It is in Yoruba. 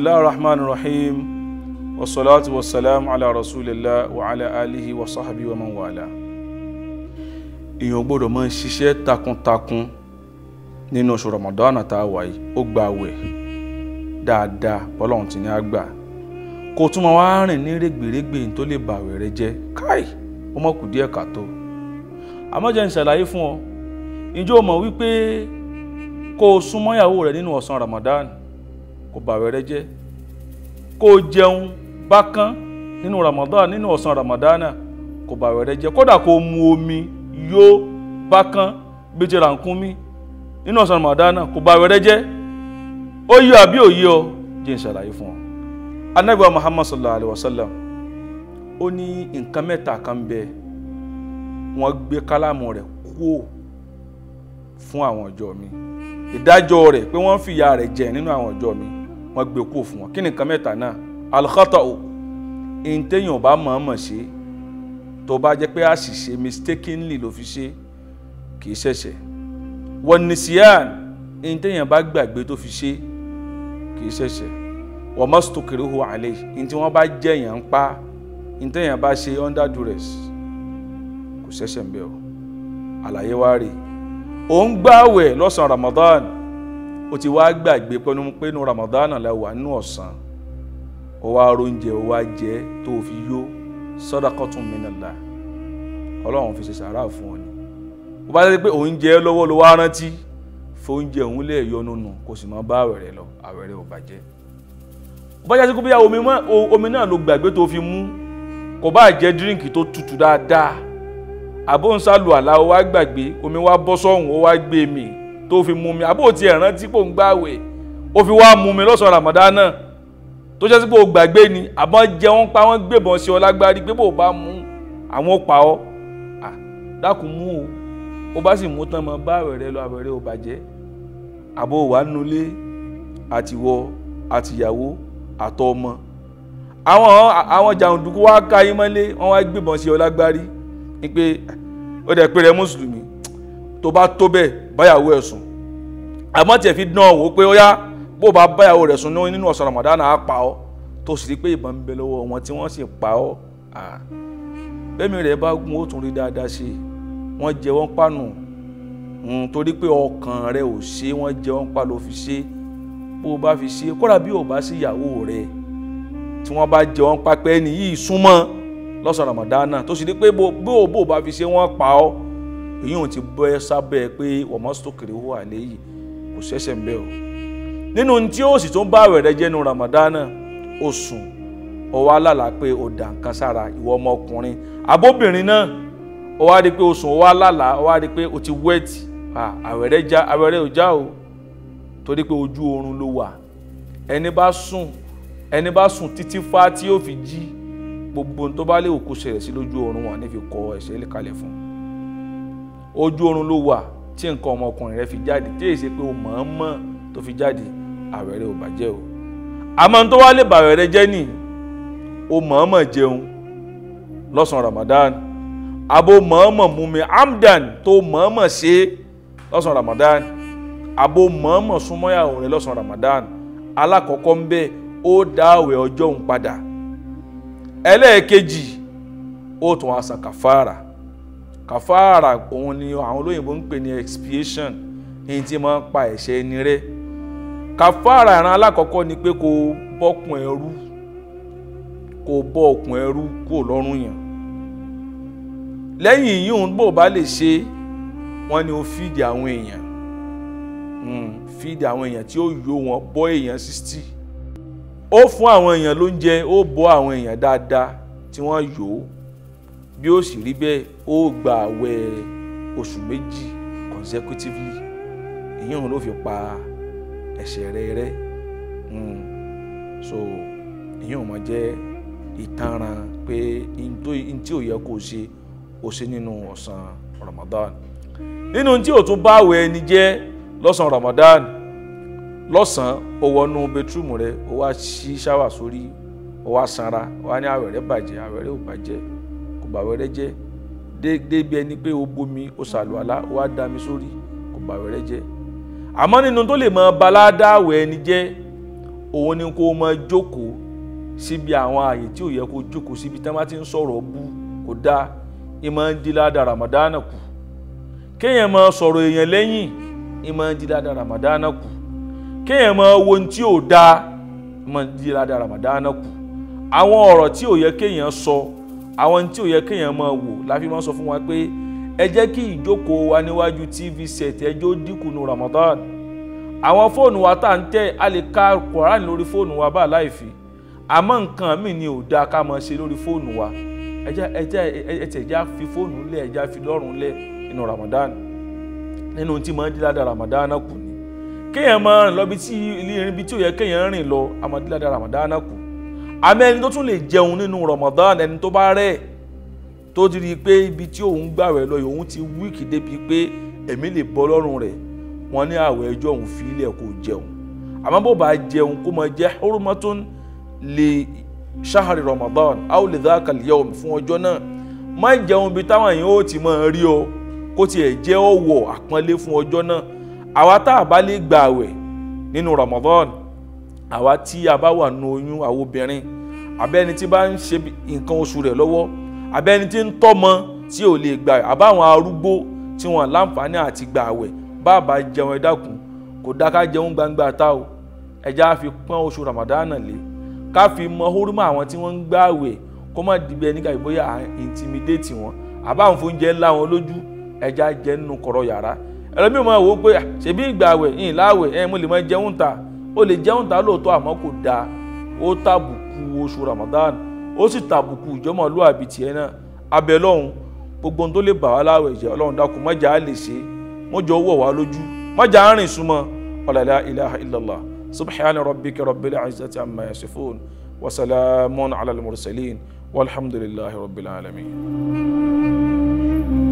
bisimilahi rahman rahim wasalaatu wasalaamu ala rasulillah wa ala alihi wa sahabi wa man wala. èèyàn gbọ́dọ̀ máa ń ṣiṣẹ́ takuntakun nínú oṣù Ramadan tá a wà yìí ó gba àwẹ̀ dáadáa bọ́lọ́hún ti ní á gbà kó tún máa wá rìn ní rẹ́gbẹ̀rẹ́gbè tó lè bàwẹ̀ rẹ jẹ́ káì ó mọ̀ kù díẹ̀ kàtó àmọ́ jẹ́ n ṣàlàyé fún ọ ǹjẹ́ mọ̀ wípé kó o súnmọ́ ìyàwó nínú ọ̀sán Ramadan kò bàwẹ̀ rẹ jẹ́ kó o jẹun bákan nínú Ramadan nínú ọ̀sán Ramadan kò bà wẹ̀rẹ̀ jẹ́ kódà kó o mu omi yó bákan gbèjè rànkúnmí nínú ọ̀sán Ramadana kò bà wẹ̀rẹ̀ jẹ́ ó yọ àbí òye ọ jẹ́ ìṣàlàyé fún ọ. Ànábì wa Muhammad sallallahu alayhi wa sallam ó ní nǹkan mẹ́ta kan bẹ wọ́n gbé kálámù rẹ̀ kúò fún àwọn ọjọ́ mi ìdájọ́ rẹ̀ pé wọ́n fìyà rẹ̀ jẹ nínú àwọn ọjọ́ mi wọ́n gbé kó fún wọn kí ni nǹkan mẹ́ta náà al-khata'u ọba mọ̀ọ́mọ̀ ṣe tó bá jẹ́ pé àṣìṣe mistakenly ló fi ṣe kì í ṣẹ̀ṣẹ̀ wan nisyan ìǹtẹ̀yìn bá gbàgbé tó fi ṣe kì í ṣẹ̀ṣẹ̀ wa mastukrihu alayhi ìǹtẹ̀ wọn bá jẹ̀yàn ń pa ìǹtẹ̀yìn bá ṣe under duress kò ṣẹ̀ṣẹ̀ ń bẹ̀ o àlàyé wa rèé òun gbààwẹ̀ lọ́sàn Ramadan ó ti wá gbàgbé pẹnu pé nu Ramadan la wà nínú ọ̀sán ó wá róúnjẹ ó wá jẹ tó fi yó sadaqatun minallah ọlọ́run fi ṣe sàárà fún ọ ni ó bá dé pé oúnjẹ lọ́wọ́ ló wá rántí fóúnjẹ òun lè yọnu nù kó sì máa bá àwẹ̀rẹ̀ lọ àwẹ̀rẹ̀ ò bàjẹ́ ó bá jásí pé omi náà ló gbàgbé tó fi mú kò bá jẹ́ díríǹkì tó tutù dáadáa àbóǹsálù àlá ó wá gbàgbé omi wá bọ́ sọ́hùn ó wá gbé mi tó fi mú mi àbó ti ẹ̀rán tí kò ń gbàwẹ̀ ó fi wá mú mi lọ́sàn-án Ramadan náà tó jẹ́ sí gbàgbé ni àbọ̀ jẹ wọ́n pa wọ́n gbébọn sí ọ lágbárí pé bò bá mú àwọn pa ọ́ dákun mú o ó bá sì mú tán mọ bá àwẹ̀rẹ̀ lọ àwẹ̀rẹ̀ ò bàjẹ́ àbò wà nulẹ̀ àtiwọ́ àtìyàwó àtọmọ àwọn àwọn jàǹdùkú wa ká yín mọ́lé wọ́n wá gbébọn sí ọ lágbárí ni pé ó dẹ̀ pé rẹ mùsùlùmí tó bá tó bẹ́ẹ̀ báyàwó ẹ̀ sùn àmọ́ tiẹ̀ fi dán wò ó pé ó yá bó o bá báyàwó rẹ̀ sùn nínú ọ̀sán Ramadan á pa ọ́ tó sì rí pé ìbọn ń bẹ lọ́wọ́ wọn tí wọ́n sì pa ọ́ bẹ́mi rẹ̀ bá gun ó tún rí dáadáa ṣe wọ́n jẹ wọ́n pànù hmm, torí pé ọkàn rẹ̀ ò ṣe wọ́n jẹ wọ́n pa ló fi ṣe bó o bá fi ṣe kódà bí o bá sí ìyàwó rẹ̀ tí wọ́n bá jẹ wọ́n pa pé yìí súnmọ́ lọ́sàn Ramadan tó sì rí pé bó o bá fi ṣe wọ́n pa ọ́ èyí ò ti bọ́ ẹ sábẹ́ pé ọmọ sókèrè wà léyìí kò ṣẹ̀ṣẹ̀ ń bẹ̀ o nínú tí ó sì tún bá àwẹ̀ rẹ jẹ́nu ramadana ó sùn ó wá lálà pé ó dà nǹkan sára ìwọ ọmọkùnrin abóbìnrin náà ó wá rí pé ó sùn ó wá lálà ó wá rí pé ó ti wẹ́ẹ̀tì àwẹ̀ rẹ já àwẹ̀ rẹ ò já o torí pé ojú oorun ló wà ẹni bá sùn ẹni bá sùn títí fá tí yóò fi jí gbogbo ohun tó bá lè òkú ṣẹlẹ̀ sí lójú oorun wà ní fi kọ ẹ̀ṣẹ̀ kalẹ̀ fún un ojú oorun ló wà tí nǹkan ọmọkùnrin rẹ fi jáde tí èsì pé o mọ̀ ọ́n mọ̀ tó fi jáde àwẹ̀ rẹ ò bàjẹ́ o àmọ́ tó wá lè bàwẹ̀ rẹ jẹ́ nì o mọ̀ ọ́n mọ̀ jẹun lọ́sàn-án Ramadan abo mọ̀ ọ́n mọ̀ mú mi amdan tó mọ̀ ọ́n ṣe lọ́sàn-án Ramadan abo mọ̀ ọ́n mọ̀ súnmọ́yàwó rẹ lọ́sàn-án Ramadan alákọ̀ọ́kọ́ ń bẹ́ẹ̀ ó dá àwẹ̀ ọjọ́ òun padà ẹlẹ́ẹ̀kejì ó tún á san kàfàrà kàfàrà òun ni àwọn olóyìnbó ń pè ní expiation èyí tí máa pa ẹ̀ṣẹ̀ ẹni rẹ́ kàfàrà ìran alákọ̀ọ́kọ́ ni pé kò bọ́kùn ẹrú kò bọ́ ọkùn ẹrú kúrò lọ́rùn yàn lẹ́yìn yìí òun bò bá lè ṣe wọ́n ní ó fìdí àwọn èèyàn hmm, fìdí àwọn èèyàn tí ó yó wọn bọ́ èèyàn sixty ó fún àwọn èèyàn lóúnjẹ ó bọ́ àwọn èèyàn dáadáa tí wọ́n yòó bí ó sì rí bẹ́ẹ̀ ó gba àwẹ̀ oṣù méjì consecutively èyí òun ló fi pa ẹ̀ṣẹ̀ rẹ rẹ hmm. so èyí òun máa jẹ́ ìtanràn pé n tí ò yẹ kó o ṣe o ṣe nínú ọ̀sán Ramadan nínú tí ò tún bá àwẹ̀ ẹni jẹ́ lọ́sàn Ramadan lọ́sàn ó wọnú bẹtúrúmù rẹ ó wá ṣí ṣáwà sórí ó wá sanra ó wá ní àwẹ̀ rẹ bàjẹ́ àwẹ̀ rẹ ò bàjẹ́ bàwẹ̀rẹ̀ jẹ́ déédéé bí ẹni pé o bomi o ṣàlùwàlá o wá dami sórí kò bàwẹ̀rẹ̀ jẹ́ àmọ́ nínú tó lè mọ baládàwẹ̀ ẹni jẹ́ òun ni kó o máa jókòó síbi àwọn ààyè tí ò yẹ kó o jókòó síbi tí wọ́n bá ti ń sọ̀rọ̀ bú kò dáa ìmọ̀ ń di ládàá ramadana kù kéèyàn máa sọ̀rọ̀ èèyàn lẹ́yìn ìmọ̀ ń di ládàá ramadana kù kéèyàn máa wo ohun tí ò dáa ìmọ̀ ń di ládàá ramadana kù àwọn ọ̀rọ̀ tí ò yẹ kéèyàn sọ so, àwọn tí ò yẹ kéèyàn máa wò la fi máa sọ fún wa pé ẹ jẹ́ kí ìjókòó wa níwájú tv set ẹjọ́ dínkù ní Ramadan àwọn fóònù wa tá à ń tẹ̀ a lè ka Quran lórí fóònù wa bá láìfi àmọ́ nǹkan míì ni ò dáa ká máa ṣe lórí fóònù wa ẹjá ẹjá ẹtẹ̀já fi fóònù lẹ̀ ẹjá fi lọ́rùn lẹ̀ nínú Ramadan nínú tí máa ń dí ládàá Ramadan kù ni kéèyàn máa rìn lọ bí tí ilé irin bí tí ò yẹ kéèyàn rìn lọ àmọ́ dí ládàá Ramadan kù àmọ́ ẹni tó tún lè jẹun nínú Ramadan ẹni tó bá rẹ̀ tó ti rí i pé ibi tí òun gbàwẹ̀ lọ yìí òun ti wíìkì débi pé ẹ̀mí lè bọ́ lọ́rùn rẹ̀ wọ́n ní àwẹ̀ ẹjọ́ òun fi ilẹ̀ kó jẹun àmọ́ bó bá jẹun kó máa jẹ́ hurmatun li shahari Ramadan aw li dhaka al-yawm fún ọjọ́ náà má jẹun bí táwọn èèyàn ó ti máa rí ọ kó tiẹ̀ jẹ́ ọ̀wọ̀ àpọ́nlé fún ọjọ́ náà àwa tá a bá lè gbàwẹ̀ nínú Ramadan àwa tí a bá wà nù oyún àwọn obìnrin abẹ́ni tí bá ń ṣe nǹkan oṣù rẹ̀ lọ́wọ́ abẹ́ni tí ń tọ́mọ tí ò lè gbà àbáwọn arúgbó tí wọ́n láǹfààní àti gbà àwẹ̀ bàbá jẹun ẹ̀dákun kò dá jẹun gbangba ta o ẹja á fi pọ́n oṣù ramadana lé ká fi mọ hórúmọ àwọn tí wọ́n ń gbà àwẹ̀ kó má dìbí ẹni kàbí bóyá à ń intimidate wọn àbáwọn fóúnjẹ ńlá wọn lójú ẹja jẹ nínú kọ̀rọ̀ yàrá ẹlòmíràn máa wò pé ṣèbí ìgbà àwẹ̀ o lè jẹun ta lóòótọ́ àmọ́ kò dáa ó tàbùkù oṣù Ramadan ó sì tàbùkù ìjọmọlúwàbí tiẹ̀ náà abẹ lọ́hùn gbogbo ohun tó lè bà wá láwẹ̀ jẹ́ ọlọ́run dákun má jẹ́ á lè ṣe má jẹ́ ó wọ̀ wá lójú má á rìn súnmọ́ ọ̀là ilaha illallah subhana rabbika rabbil izzati amma yasifun wa salamun ala al-mursalin walhamdulillahi rabbil alamin.